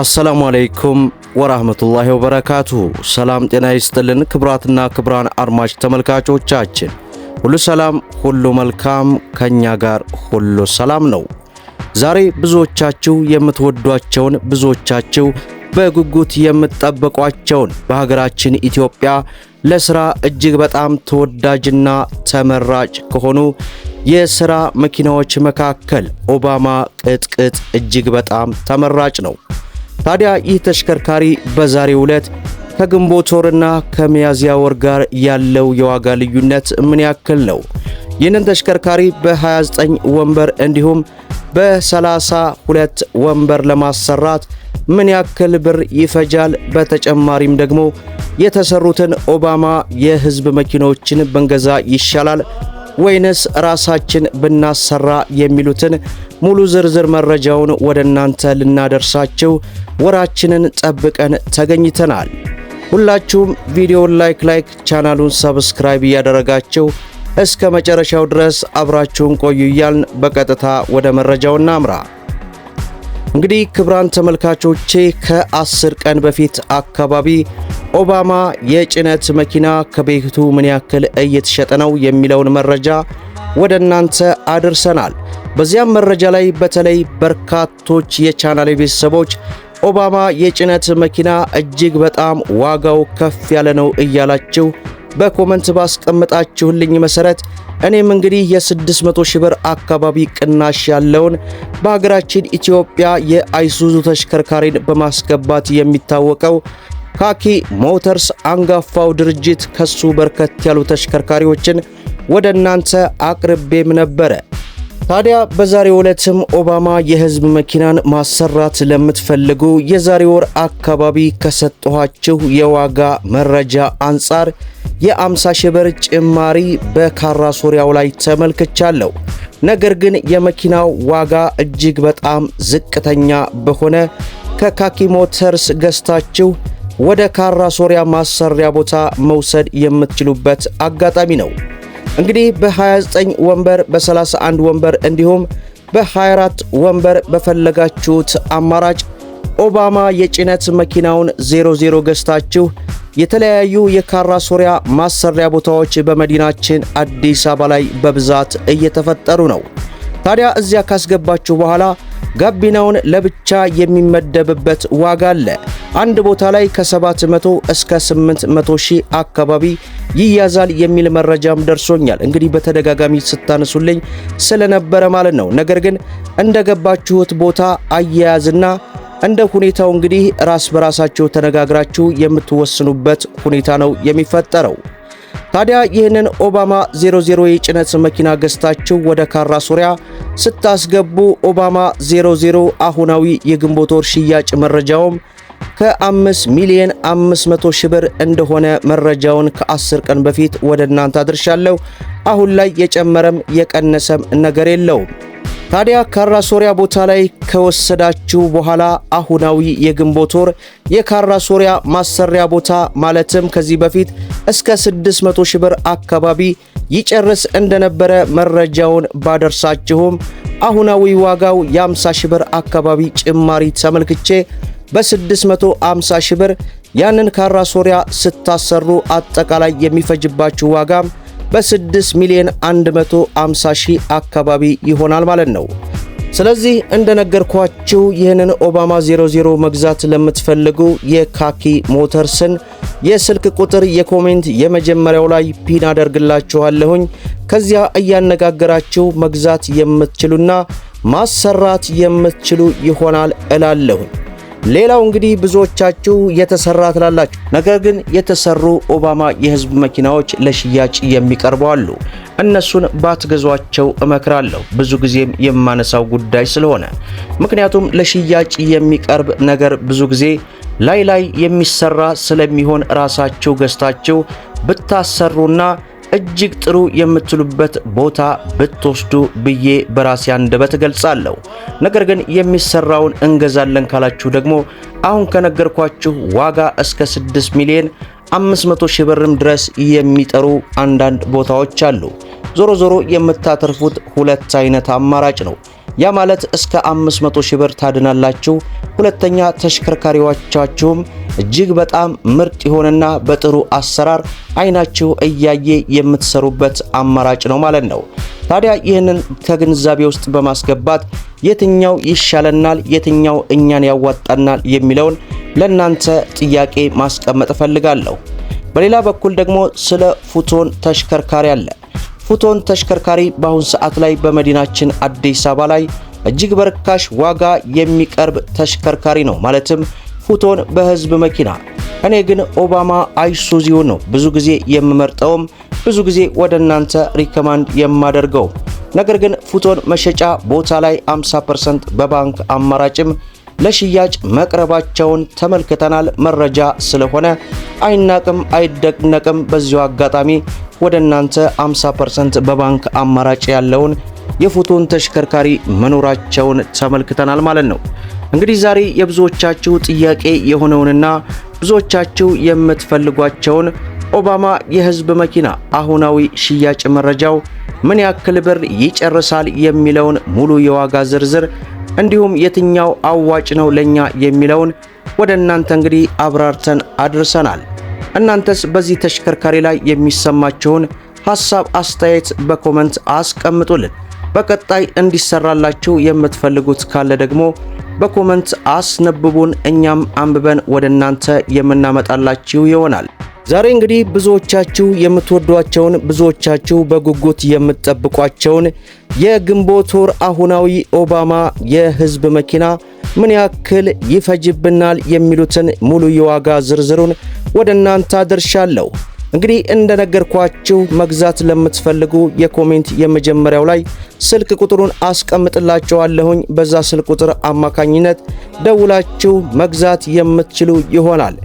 አሰላሙ አለይኩም ወራህመቱላሂ ወበረካቱሁ። ሰላም ጤና ይስጥልን ክብራትና ክብራን አድማጭ ተመልካቾቻችን ሁሉ ሰላም፣ ሁሉ መልካም፣ ከኛ ጋር ሁሉ ሰላም ነው። ዛሬ ብዙዎቻችሁ የምትወዷቸውን ብዙዎቻችሁ በጉጉት የምትጠብቋቸውን በሀገራችን ኢትዮጵያ ለስራ እጅግ በጣም ተወዳጅና ተመራጭ ከሆኑ የስራ መኪናዎች መካከል ኦባማ ቅጥቅጥ እጅግ በጣም ተመራጭ ነው። ታዲያ ይህ ተሽከርካሪ በዛሬው ዕለት ከግንቦት ወርና ከሚያዝያ ወር ጋር ያለው የዋጋ ልዩነት ምን ያክል ነው? ይህንን ተሽከርካሪ በ29 ወንበር እንዲሁም በ32 ወንበር ለማሰራት ምን ያክል ብር ይፈጃል? በተጨማሪም ደግሞ የተሰሩትን ኦባማ የህዝብ መኪኖችን ብንገዛ ይሻላል ወይንስ ራሳችን ብናሰራ የሚሉትን ሙሉ ዝርዝር መረጃውን ወደ እናንተ ልናደርሳችሁ ወራችንን ጠብቀን ተገኝተናል። ሁላችሁም ቪዲዮውን ላይክ ላይክ ቻናሉን ሰብስክራይብ እያደረጋችሁ እስከ መጨረሻው ድረስ አብራችሁን ቆዩ እያልን በቀጥታ ወደ መረጃው እናምራ። እንግዲህ ክብራን ተመልካቾቼ ከአስር ቀን በፊት አካባቢ የኦባማ የጭነት መኪና ከቤቱ ምን ያክል እየተሸጠ ነው የሚለውን መረጃ ወደ እናንተ አድርሰናል። በዚያም መረጃ ላይ በተለይ በርካቶች የቻናል ቤተሰቦች ኦባማ የጭነት መኪና እጅግ በጣም ዋጋው ከፍ ያለ ነው እያላችሁ በኮመንት ባስቀምጣችሁልኝ መሰረት እኔም እንግዲህ የ600 ሺህ ብር አካባቢ ቅናሽ ያለውን በሀገራችን ኢትዮጵያ የአይሱዙ ተሽከርካሪን በማስገባት የሚታወቀው ካኪ ሞተርስ አንጋፋው ድርጅት ከሱ በርከት ያሉ ተሽከርካሪዎችን ወደ እናንተ አቅርቤም ነበረ። ታዲያ በዛሬው ዕለትም ኦባማ የህዝብ መኪናን ማሰራት ለምትፈልጉ የዛሬ ወር አካባቢ ከሰጠኋችሁ የዋጋ መረጃ አንጻር የ50 ሺህ ብር ጭማሪ በካራ ሶሪያው ላይ ተመልክቻለሁ። ነገር ግን የመኪናው ዋጋ እጅግ በጣም ዝቅተኛ በሆነ ከካኪ ሞተርስ ገዝታችሁ ወደ ካራ ሶሪያ ማሰሪያ ቦታ መውሰድ የምትችሉበት አጋጣሚ ነው። እንግዲህ በ29 ወንበር፣ በ31 ወንበር እንዲሁም በ24 ወንበር በፈለጋችሁት አማራጭ ኦባማ የጭነት መኪናውን 00 ገዝታችሁ የተለያዩ የካራ ሶሪያ ማሰሪያ ቦታዎች በመዲናችን አዲስ አበባ ላይ በብዛት እየተፈጠሩ ነው። ታዲያ እዚያ ካስገባችሁ በኋላ ጋቢናውን ለብቻ የሚመደብበት ዋጋ አለ። አንድ ቦታ ላይ ከ700 እስከ 800 ሺህ አካባቢ ይያዛል የሚል መረጃም ደርሶኛል። እንግዲህ በተደጋጋሚ ስታነሱልኝ ስለነበረ ማለት ነው። ነገር ግን እንደገባችሁት ቦታ አያያዝና እንደ ሁኔታው እንግዲህ ራስ በራሳቸው ተነጋግራችሁ የምትወስኑበት ሁኔታ ነው የሚፈጠረው። ታዲያ ይህንን ኦባማ 00 የጭነት መኪና ገዝታችሁ ወደ ካራ ሱሪያ ስታስገቡ ኦባማ 00 አሁናዊ የግንቦት ወር ሽያጭ መረጃውም ከ5 ሚሊዮን 500 ሺህ ብር እንደሆነ መረጃውን ከ10 ቀን በፊት ወደ እናንተ አድርሻለሁ። አሁን ላይ የጨመረም የቀነሰም ነገር የለውም። ታዲያ ካራ ሶሪያ ቦታ ላይ ከወሰዳችሁ በኋላ አሁናዊ የግንቦት ወር የካራ ሶሪያ ማሰሪያ ቦታ ማለትም ከዚህ በፊት እስከ 600 ሺህ ብር አካባቢ ይጨርስ እንደነበረ መረጃውን ባደርሳችሁም አሁናዊ ዋጋው የ50 ሺህ ብር አካባቢ ጭማሪ ተመልክቼ በ650 ሺህ ብር ያንን ካራ ሶሪያ ስታሰሩ አጠቃላይ የሚፈጅባችሁ ዋጋ በ6 ሚሊዮን 150 ሺህ አካባቢ ይሆናል ማለት ነው። ስለዚህ እንደነገርኳችሁ ይህንን ኦባማ 00 መግዛት ለምትፈልጉ የካኪ ሞተርስን የስልክ ቁጥር የኮሜንት የመጀመሪያው ላይ ፒን አደርግላችኋለሁኝ። ከዚያ እያነጋገራችሁ መግዛት የምትችሉና ማሰራት የምትችሉ ይሆናል እላለሁኝ። ሌላው እንግዲህ ብዙዎቻችሁ የተሰራ ትላላችሁ። ነገር ግን የተሰሩ ኦባማ የህዝብ መኪናዎች ለሽያጭ የሚቀርቡ አሉ። እነሱን ባትገዟቸው እመክራለሁ። ብዙ ጊዜም የማነሳው ጉዳይ ስለሆነ ምክንያቱም ለሽያጭ የሚቀርብ ነገር ብዙ ጊዜ ላይ ላይ የሚሰራ ስለሚሆን ራሳችሁ ገዝታችሁ ብታሰሩና እጅግ ጥሩ የምትሉበት ቦታ ብትወስዱ ብዬ በራሴ አንደበት እገልጻለሁ። ነገር ግን የሚሰራውን እንገዛለን ካላችሁ ደግሞ አሁን ከነገርኳችሁ ዋጋ እስከ 6 ሚሊዮን 500 ሺህ ብርም ድረስ የሚጠሩ አንዳንድ ቦታዎች አሉ። ዞሮ ዞሮ የምታተርፉት ሁለት አይነት አማራጭ ነው። ያ ማለት እስከ 500 ሺህ ብር ታድናላችሁ። ሁለተኛ ተሽከርካሪዎቻችሁም እጅግ በጣም ምርጥ የሆነና በጥሩ አሰራር አይናችሁ እያየ የምትሰሩበት አማራጭ ነው ማለት ነው። ታዲያ ይህንን ከግንዛቤ ውስጥ በማስገባት የትኛው ይሻለናል፣ የትኛው እኛን ያዋጣናል የሚለውን ለእናንተ ጥያቄ ማስቀመጥ እፈልጋለሁ። በሌላ በኩል ደግሞ ስለ ፉቶን ተሽከርካሪ አለ። ፉቶን ተሽከርካሪ በአሁን ሰዓት ላይ በመዲናችን አዲስ አበባ ላይ እጅግ በርካሽ ዋጋ የሚቀርብ ተሽከርካሪ ነው። ማለትም ፉቶን በህዝብ መኪና። እኔ ግን ኦባማ አይሱዚውን ነው ብዙ ጊዜ የምመርጠውም ብዙ ጊዜ ወደ እናንተ ሪከማንድ የማደርገው። ነገር ግን ፉቶን መሸጫ ቦታ ላይ 50% በባንክ አማራጭም ለሽያጭ መቅረባቸውን ተመልክተናል። መረጃ ስለሆነ አይናቅም አይደነቅም። በዚሁ አጋጣሚ ወደ እናንተ 50% በባንክ አማራጭ ያለውን የፎቶን ተሽከርካሪ መኖራቸውን ተመልክተናል ማለት ነው። እንግዲህ ዛሬ የብዙዎቻችሁ ጥያቄ የሆነውንና ብዙዎቻችሁ የምትፈልጓቸውን ኦባማ የህዝብ መኪና አሁናዊ ሽያጭ መረጃው ምን ያክል ብር ይጨርሳል የሚለውን ሙሉ የዋጋ ዝርዝር እንዲሁም የትኛው አዋጭ ነው ለኛ የሚለውን ወደ እናንተ እንግዲህ አብራርተን አድርሰናል። እናንተስ በዚህ ተሽከርካሪ ላይ የሚሰማችሁን ሐሳብ፣ አስተያየት በኮመንት አስቀምጡልን። በቀጣይ እንዲሰራላችሁ የምትፈልጉት ካለ ደግሞ በኮመንት አስነብቡን። እኛም አንብበን ወደ እናንተ የምናመጣላችሁ ይሆናል። ዛሬ እንግዲህ ብዙዎቻችሁ የምትወዷቸውን ብዙዎቻችሁ በጉጉት የምትጠብቋቸውን የግንቦት ወር አሁናዊ ኦባማ የህዝብ መኪና ምን ያክል ይፈጅብናል የሚሉትን ሙሉ የዋጋ ዝርዝሩን ወደ እናንተ አድርሻለሁ። እንግዲህ እንደነገርኳችሁ መግዛት ለምትፈልጉ የኮሜንት የመጀመሪያው ላይ ስልክ ቁጥሩን አስቀምጥላችኋለሁኝ። በዛ ስልክ ቁጥር አማካኝነት ደውላችሁ መግዛት የምትችሉ ይሆናል።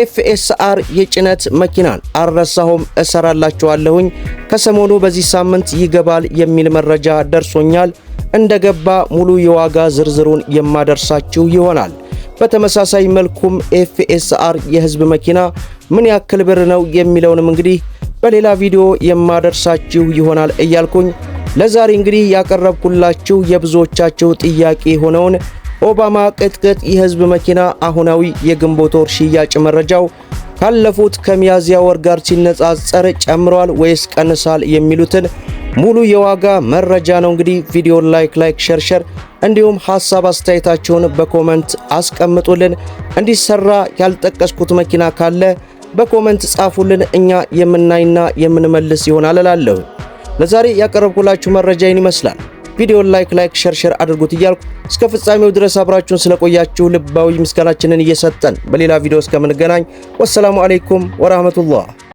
ኤፍኤስአር የጭነት መኪናን አረሳሁም እሰራላችኋለሁኝ። ከሰሞኑ በዚህ ሳምንት ይገባል የሚል መረጃ ደርሶኛል። እንደገባ ሙሉ የዋጋ ዝርዝሩን የማደርሳችሁ ይሆናል። በተመሳሳይ መልኩም ኤፍኤስአር የህዝብ መኪና ምን ያክል ብር ነው የሚለውንም እንግዲህ በሌላ ቪዲዮ የማደርሳችሁ ይሆናል እያልኩኝ ለዛሬ እንግዲህ ያቀረብኩላችሁ የብዙዎቻችሁ ጥያቄ ሆነውን ኦባማ ቅጥቅጥ የህዝብ መኪና አሁናዊ የግንቦት ወር ሽያጭ መረጃው ካለፉት ከሚያዝያ ወር ጋር ሲነጻጸር ጨምሯል ወይስ ቀንሳል የሚሉትን ሙሉ የዋጋ መረጃ ነው። እንግዲህ ቪዲዮ ላይክ ላይክ ሸርሸር እንዲሁም ሐሳብ አስተያየታችሁን በኮመንት አስቀምጡልን። እንዲሰራ ያልጠቀስኩት መኪና ካለ በኮመንት ጻፉልን። እኛ የምናይና የምንመልስ ይሆናል እላለሁ። ለዛሬ ያቀረብኩላችሁ መረጃ ይህን ይመስላል። ቪዲዮን ላይክ ላይክ ሸር ሸር አድርጉት እያልኩ እስከ ፍጻሜው ድረስ አብራችሁን ስለቆያችሁ ልባዊ ምስጋናችንን እየሰጠን በሌላ ቪዲዮ እስከምንገናኝ ወሰላሙ አሌይኩም ወራህመቱላህ